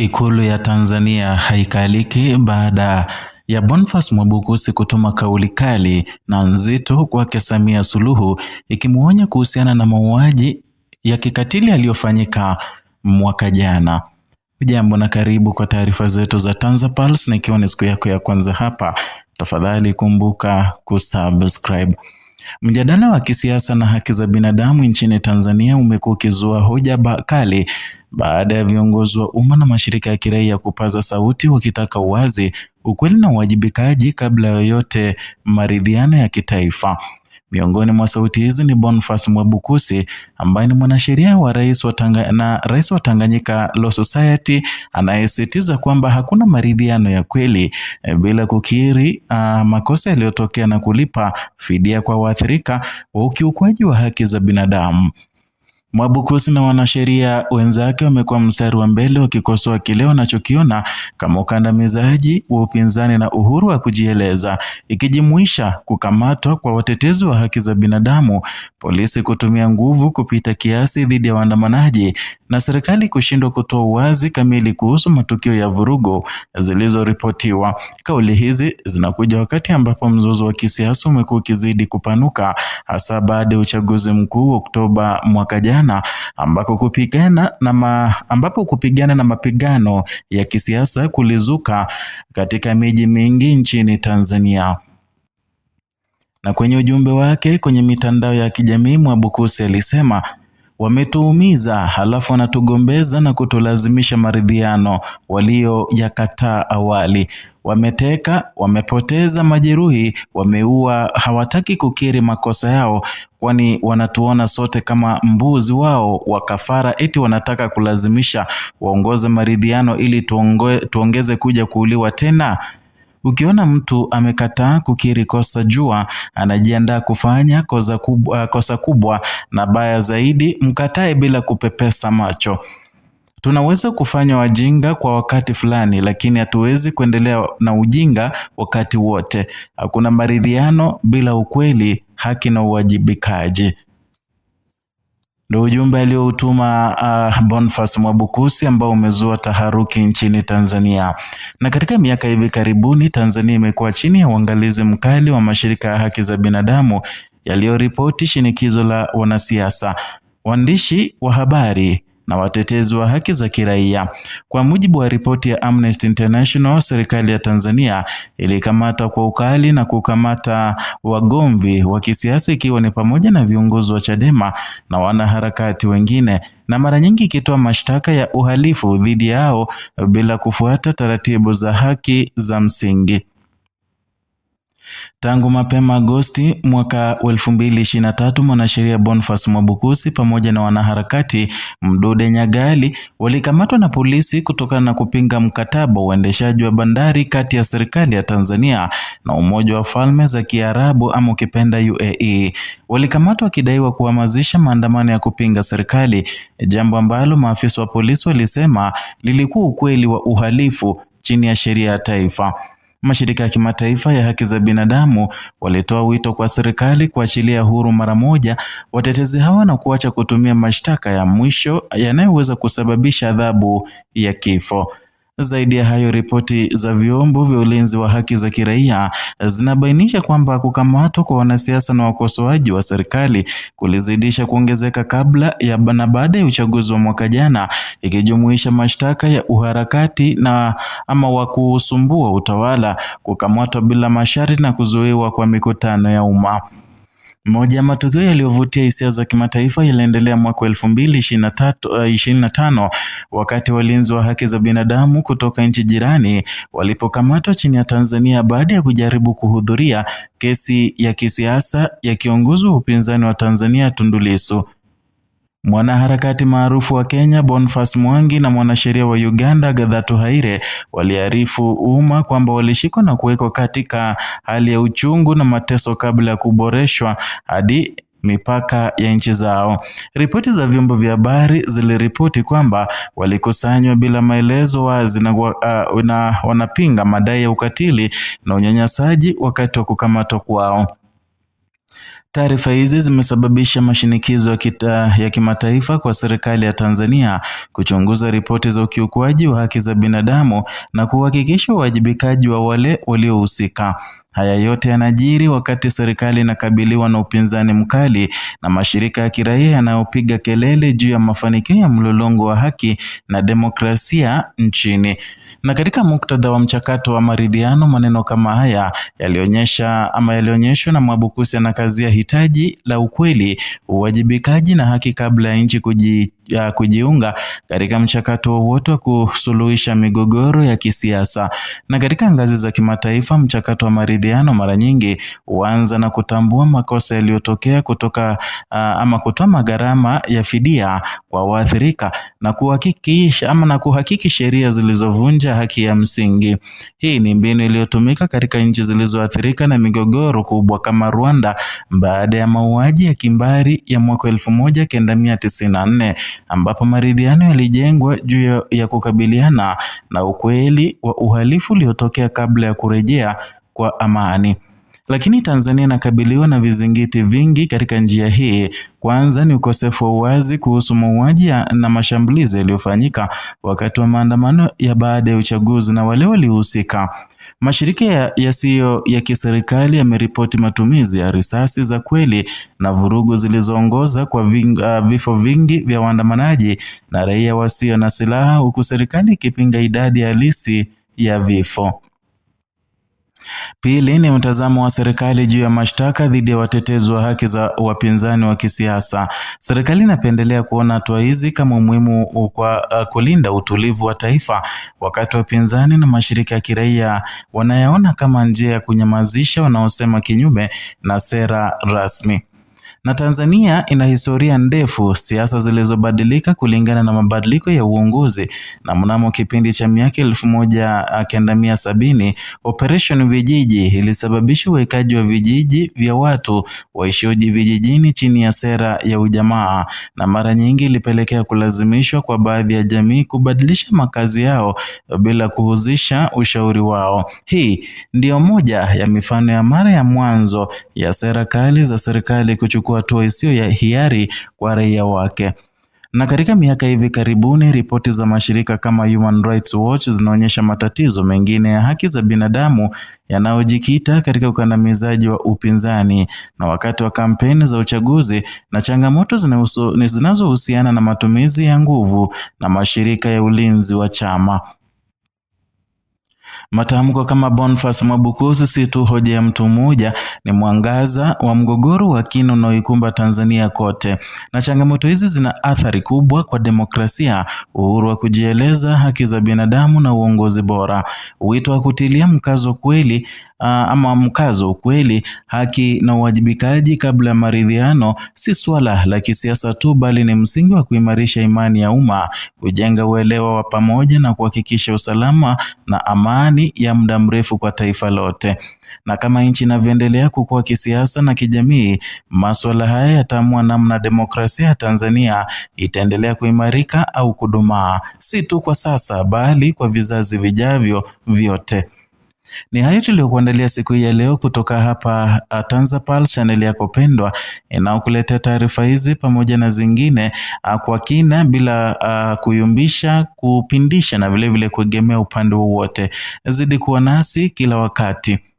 Ikulu ya Tanzania haikaliki baada ya Boniface Mwabukusi kutuma kauli kali na nzito kwake Samia Suluhu ikimwonya kuhusiana na mauaji ya kikatili aliyofanyika mwaka jana. Jambo na karibu kwa taarifa zetu za TanzaPulse, na ikiwa ni siku yako ya kwanza hapa, tafadhali kumbuka kusubscribe. Mjadala wa kisiasa na haki za binadamu nchini Tanzania umekuwa ukizua hoja kali baada ya viongozi wa umma na mashirika ya kiraia kupaza sauti wakitaka uwazi, ukweli na uwajibikaji kabla yoyote maridhiano ya kitaifa. Miongoni mwa sauti hizi ni Boniface Mwabukusi ambaye ni mwanasheria wa rais wa Tanga, na rais wa Tanganyika Law Society anayesisitiza kwamba hakuna maridhiano ya kweli e, bila kukiri a, ah, makosa yaliyotokea na kulipa fidia kwa waathirika wa ukiukwaji wa haki za binadamu. Mwabukusi na wanasheria wenzake wamekuwa mstari wa mbele wakikosoa kile wanachokiona kama ukandamizaji wa upinzani na uhuru wa kujieleza, ikijumuisha kukamatwa kwa watetezi wa haki za binadamu, polisi kutumia nguvu kupita kiasi dhidi ya waandamanaji, na serikali kushindwa kutoa uwazi kamili kuhusu matukio ya vurugo zilizoripotiwa. Kauli hizi zinakuja wakati ambapo mzozo wa kisiasa umekuwa ukizidi kupanuka, hasa baada ya uchaguzi mkuu Oktoba mwaka jana kupigana ambako kupigana na ma, ambapo kupigana na mapigano ya kisiasa kulizuka katika miji mingi nchini Tanzania. Na kwenye ujumbe wake kwenye mitandao ya kijamii Mwabukusi alisema wametuumiza halafu wanatugombeza na kutulazimisha maridhiano walio yakataa awali wameteka, wamepoteza majeruhi, wameua, hawataki kukiri makosa yao, kwani wanatuona sote kama mbuzi wao wa kafara, eti wanataka kulazimisha waongoze maridhiano ili tuongoe, tuongeze kuja kuuliwa tena. Ukiona mtu amekataa kukiri kosa, jua anajiandaa kufanya kosa kubwa, kosa kubwa na baya zaidi. Mkatae bila kupepesa macho. Tunaweza kufanya wajinga kwa wakati fulani, lakini hatuwezi kuendelea na ujinga wakati wote. Hakuna maridhiano bila ukweli, haki na uwajibikaji. Ndio ujumbe aliyoutuma uh, ah, Boniface Mwabukusi ambao umezua taharuki nchini Tanzania. Na katika miaka hivi karibuni, Tanzania imekuwa chini ya uangalizi mkali wa mashirika ya haki za binadamu yaliyoripoti shinikizo la wanasiasa, waandishi wa habari na watetezi wa haki za kiraia. Kwa mujibu wa ripoti ya Amnesty International, serikali ya Tanzania ilikamata kwa ukali na kukamata wagomvi wa kisiasa ikiwa ni pamoja na viongozi wa Chadema na wanaharakati wengine na mara nyingi ikitoa mashtaka ya uhalifu dhidi yao bila kufuata taratibu za haki za msingi. Tangu mapema Agosti mwaka 2023, mwanasheria Boniface Mwabukusi pamoja na wanaharakati Mdude Nyagali walikamatwa na polisi kutokana na kupinga mkataba wa uendeshaji wa bandari kati ya serikali ya Tanzania na Umoja wa Falme za Kiarabu ama ukipenda UAE. Walikamatwa wakidaiwa kuhamasisha maandamano ya kupinga serikali, jambo ambalo maafisa wa polisi walisema lilikuwa ukweli wa uhalifu chini ya sheria ya taifa. Mashirika ya kimataifa ya haki za binadamu walitoa wito kwa serikali kuachilia huru mara moja watetezi hawa na kuacha kutumia mashtaka ya mwisho yanayoweza kusababisha adhabu ya kifo. Zaidi ya hayo, ripoti za vyombo vya ulinzi wa haki za kiraia zinabainisha kwamba kukamatwa kwa wanasiasa na wakosoaji wa serikali kulizidisha kuongezeka kabla ya na baada ya uchaguzi wa mwaka jana, ikijumuisha mashtaka ya uharakati na ama wa kusumbua utawala, kukamatwa bila masharti na kuzuiwa kwa mikutano ya umma. Moja ya matukio yaliyovutia hisia za kimataifa yaliendelea mwaka 2025 eh, wakati walinzi wa haki za binadamu kutoka nchi jirani walipokamatwa chini ya Tanzania baada ya kujaribu kuhudhuria kesi ya kisiasa ya kiongozi wa upinzani wa Tanzania Tundu Lissu. Mwanaharakati maarufu wa Kenya Boniface Mwangi na mwanasheria wa Uganda Gathatu Haire waliarifu umma kwamba walishikwa na kuwekwa katika hali ya uchungu na mateso kabla ya kuboreshwa hadi mipaka ya nchi zao. Ripoti za vyombo vya habari ziliripoti kwamba walikusanywa bila maelezo wazi na, uh, wanapinga madai ya ukatili na unyanyasaji wakati wa kukamatwa kwao. Taarifa hizi zimesababisha mashinikizo ya kimataifa kwa serikali ya Tanzania kuchunguza ripoti za ukiukwaji wa haki za binadamu na kuhakikisha uwajibikaji wa wale waliohusika. Haya yote yanajiri wakati serikali inakabiliwa na upinzani mkali na mashirika ya kiraia yanayopiga kelele juu ya mafanikio ya mlolongo wa haki na demokrasia nchini. Na katika muktadha wa mchakato wa maridhiano, maneno kama haya yalionyesha ama yalionyeshwa na Mwabukusi anakazia hitaji la ukweli, uwajibikaji na haki kabla ya nchi kuji ya kujiunga katika mchakato wowote wa kusuluhisha migogoro ya kisiasa. Na katika ngazi za kimataifa, mchakato wa maridhiano mara nyingi huanza na kutambua makosa yaliyotokea kutoka uh, ama kutoa magharama ya fidia kwa waathirika na kuhakikisha ama na kuhakiki sheria zilizovunja haki ya msingi. Hii ni mbinu iliyotumika katika nchi zilizoathirika na migogoro kubwa kama Rwanda baada ya mauaji ya kimbari ya mwaka elfu moja kenda mia tisini na nne ambapo maridhiano yalijengwa juu ya kukabiliana na ukweli wa uhalifu uliotokea kabla ya kurejea kwa amani. Lakini Tanzania inakabiliwa na vizingiti vingi katika njia hii. Kwanza ni ukosefu wa uwazi kuhusu mauaji na mashambulizi yaliyofanyika wakati wa maandamano ya baada ya uchaguzi na wale waliohusika. Mashirika yasiyo ya, ya kiserikali yameripoti matumizi ya risasi za kweli na vurugu zilizoongoza kwa ving, uh, vifo vingi vya waandamanaji na raia wasio na silaha huku serikali ikipinga idadi halisi ya vifo. Pili ni mtazamo wa serikali juu ya mashtaka dhidi ya watetezi wa haki za wapinzani wa kisiasa. Serikali inapendelea kuona hatua hizi kama umuhimu kwa uh, kulinda utulivu wa taifa, wakati wapinzani na mashirika ya kiraia wanayaona kama njia ya kunyamazisha wanaosema kinyume na sera rasmi na Tanzania ina historia ndefu, siasa zilizobadilika kulingana na mabadiliko ya uongozi, na mnamo kipindi cha miaka elfu moja ah, kenda mia sabini Operation Vijiji ilisababisha uwekaji wa vijiji vya watu waishioji vijijini chini ya sera ya ujamaa, na mara nyingi ilipelekea kulazimishwa kwa baadhi ya jamii kubadilisha makazi yao bila kuhusisha ushauri wao. Hii ndiyo moja ya mifano ya mara ya mwanzo ya sera kali za serikali kuchukua kuchukua hatua isiyo ya hiari kwa raia wake. Na katika miaka hivi karibuni, ripoti za mashirika kama Human Rights Watch zinaonyesha matatizo mengine ya haki za binadamu yanayojikita katika ukandamizaji wa upinzani na wakati wa kampeni za uchaguzi na changamoto zinazohusiana na matumizi ya nguvu na mashirika ya ulinzi wa chama. Matamko kama Boniface Mwabukusi si tu hoja ya mtu mmoja, ni mwangaza wa mgogoro wa kina unaoikumba Tanzania kote, na changamoto hizi zina athari kubwa kwa demokrasia, uhuru wa kujieleza, haki za binadamu na uongozi bora. Wito wa kutilia mkazo kweli ama mkazo ukweli, haki na uwajibikaji kabla ya maridhiano, si swala la kisiasa tu, bali ni msingi wa kuimarisha imani ya umma, kujenga uelewa wa pamoja na kuhakikisha usalama na amani amani ya muda mrefu kwa taifa lote. Na kama nchi inavyoendelea kukua kisiasa na kijamii, masuala haya yataamua namna demokrasia ya Tanzania itaendelea kuimarika au kudumaa, si tu kwa sasa, bali kwa vizazi vijavyo vyote. Ni hayo tuliyokuandalia siku hii ya leo kutoka hapa uh, TanzaPal, chaneli yako pendwa inayokuletea taarifa hizi pamoja na zingine uh, kwa kina bila uh, kuyumbisha, kupindisha na vilevile kuegemea upande wowote. Zidi kuwa nasi kila wakati.